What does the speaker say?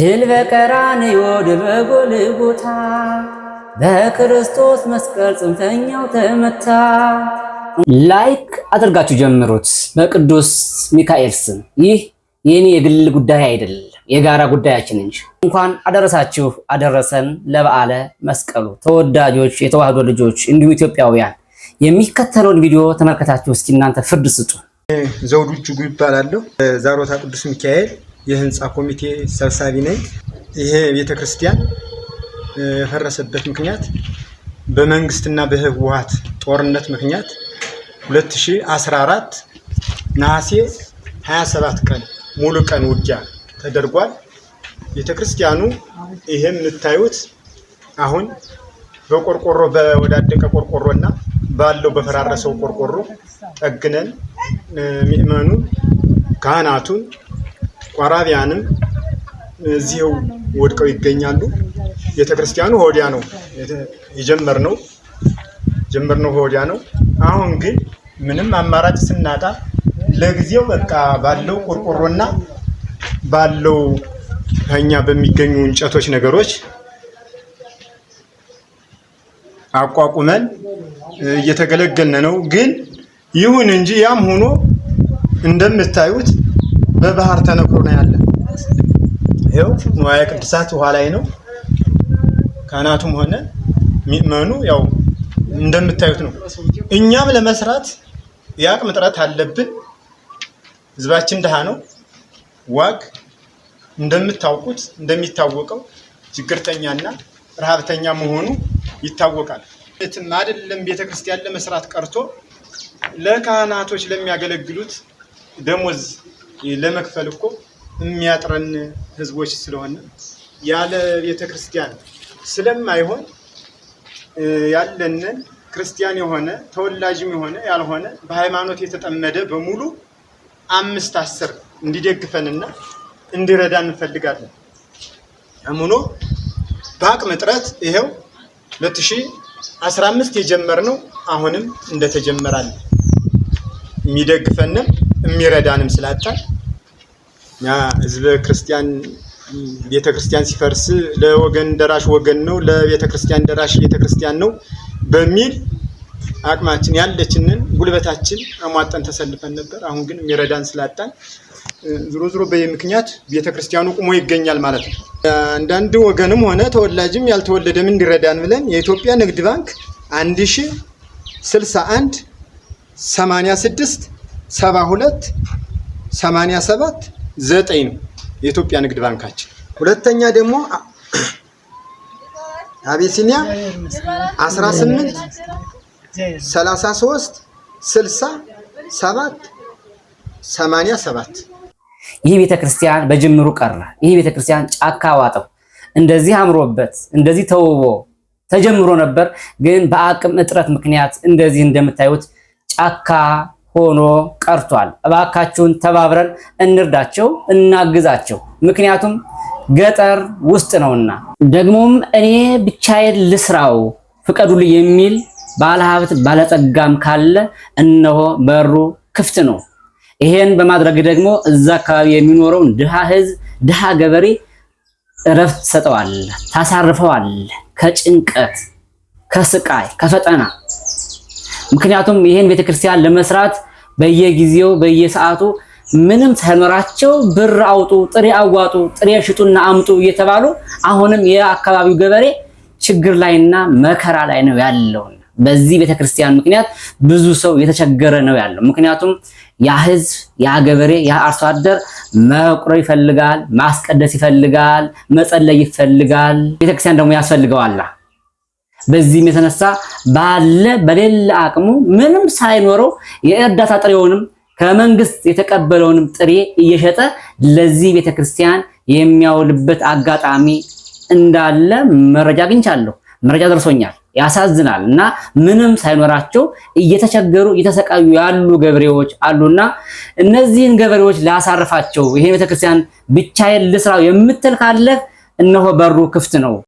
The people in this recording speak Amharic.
ድል በቀራንዮ ድል በጎልጎታ በክርስቶስ መስቀል ጽንፈኛው ተመታ። ላይክ አድርጋችሁ ጀምሩት። በቅዱስ ሚካኤል ስም ይህ የኔ የግል ጉዳይ አይደለም፣ የጋራ ጉዳያችን እንጂ። እንኳን አደረሳችሁ አደረሰን ለበዓለ መስቀሉ። ተወዳጆች የተዋህዶ ልጆች እንዲሁም ኢትዮጵያውያን የሚከተለውን ቪዲዮ ተመልከታችሁ እስኪ እናንተ ፍርድ ስጡ። ዘውዱ እጅጉ ይባላለሁ። ዛሮታ ቅዱስ ሚካኤል የህንፃ ኮሚቴ ሰብሳቢ ነኝ። ይሄ ቤተክርስቲያን የፈረሰበት ምክንያት በመንግስትና በህወሀት ጦርነት ምክንያት 2014 ነሐሴ 27 ቀን ሙሉ ቀን ውጊያ ተደርጓል። ቤተክርስቲያኑ ይሄ የምታዩት አሁን በቆርቆሮ በወዳደቀ ቆርቆሮ እና ባለው በፈራረሰው ቆርቆሮ ጠግነን ምዕመኑ ካህናቱን ቋራቢያንም እዚው ወድቀው ይገኛሉ። ቤተክርስቲያኑ ሆዲያ ነው የጀመርነው ጀመርነው ሆዲያ ነው። አሁን ግን ምንም አማራጭ ስናጣ ለጊዜው በቃ ባለው ቆርቆሮና ባለው ከኛ በሚገኙ እንጨቶች ነገሮች አቋቁመን እየተገለገልን ነው። ግን ይሁን እንጂ ያም ሆኖ እንደምታዩት በባህር ተነክሮ ነው ያለ። ይኸው ንዋየ ቅድሳት ውሃ ላይ ነው። ካህናቱም ሆነ ምእመኑ ያው እንደምታዩት ነው። እኛም ለመስራት የአቅም ጥረት አለብን። ህዝባችን ድሃ ነው። ዋግ እንደምታውቁት እንደሚታወቀው ችግርተኛና ረሃብተኛ መሆኑ ይታወቃል። ትም አይደለም ቤተክርስቲያን ለመስራት ቀርቶ ለካህናቶች ለሚያገለግሉት ደሞዝ ለመክፈል እኮ የሚያጥረን ህዝቦች ስለሆነ ያለ ቤተ ክርስቲያን ስለማይሆን ያለንን ክርስቲያን የሆነ ተወላጅም የሆነ ያልሆነ በሃይማኖት የተጠመደ በሙሉ አምስት አስር እንዲደግፈንና እንዲረዳ እንፈልጋለን። አምኖ በአቅም እጥረት ይሄው 2015 የጀመርነው አሁንም እንደተጀመራለን የሚደግፈንም የሚረዳንም ስላጣን ያ ህዝበ ክርስቲያን ቤተ ክርስቲያን ሲፈርስ ለወገን ደራሽ ወገን ነው፣ ለቤተ ክርስቲያን ደራሽ ቤተ ክርስቲያን ነው በሚል አቅማችን ያለችንን ጉልበታችን አሟጠን ተሰልፈን ነበር። አሁን ግን የሚረዳን ስላጣን ዝሮ ዝሮ በየምክንያት ምክንያት ቤተ ክርስቲያኑ ቁሞ ይገኛል ማለት ነው። አንዳንድ ወገንም ሆነ ተወላጅም ያልተወለደም እንዲረዳን ብለን የኢትዮጵያ ንግድ ባንክ 1061 86 ሰባ ሁለት ሰማንያ ሰባት ዘጠኝ ነው የኢትዮጵያ ንግድ ባንካችን። ሁለተኛ ደግሞ አቤሲኒያ 18 ስልሳ ሰባት 7 ሰባት ይህ ቤተ ክርስቲያን በጅምሩ ቀረ። ይህ ቤተ ክርስቲያን ጫካ ዋጠው። እንደዚህ አምሮበት እንደዚህ ተውቦ ተጀምሮ ነበር፣ ግን በአቅም እጥረት ምክንያት እንደዚህ እንደምታዩት ጫካ ሆኖ ቀርቷል። እባካችሁን ተባብረን እንርዳቸው፣ እናግዛቸው። ምክንያቱም ገጠር ውስጥ ነውና፣ ደግሞም እኔ ብቻዬን ልስራው ፍቀዱልኝ የሚል ባለሀብት ባለጸጋም ካለ እነሆ በሩ ክፍት ነው። ይሄን በማድረግ ደግሞ እዛ አካባቢ የሚኖረውን ድሃ ህዝብ፣ ድሃ ገበሬ እረፍት ሰጠዋል ታሳርፈዋል ከጭንቀት ከስቃይ ከፈጠና ምክንያቱም ይሄን ቤተክርስቲያን ለመስራት በየጊዜው በየሰዓቱ ምንም ሳይኖራቸው ብር አውጡ፣ ጥሬ አዋጡ፣ ጥሬ ሽጡና አምጡ እየተባሉ አሁንም የአካባቢው ገበሬ ችግር ላይና መከራ ላይ ነው ያለው። በዚህ ቤተክርስቲያን ምክንያት ብዙ ሰው የተቸገረ ነው ያለው። ምክንያቱም ያ ህዝብ፣ ያ ገበሬ፣ ያ አርሶ አደር መቁረ ይፈልጋል፣ ማስቀደስ ይፈልጋል፣ መጸለይ ይፈልጋል። ቤተክርስቲያን ደግሞ ያስፈልገዋላ። በዚህም የተነሳ ባለ በሌለ አቅሙ ምንም ሳይኖረው የእርዳታ ጥሬውንም ከመንግስት የተቀበለውንም ጥሬ እየሸጠ ለዚህ ቤተክርስቲያን የሚያውልበት አጋጣሚ እንዳለ መረጃ አግኝቻለሁ። መረጃ ደርሶኛል። ያሳዝናል። እና ምንም ሳይኖራቸው እየተቸገሩ እየተሰቃዩ ያሉ ገበሬዎች አሉና እነዚህን ገበሬዎች ላሳርፋቸው፣ ይሄን ቤተክርስቲያን ብቻዬን ልስራው የምትል ካለ እነሆ በሩ ክፍት ነው።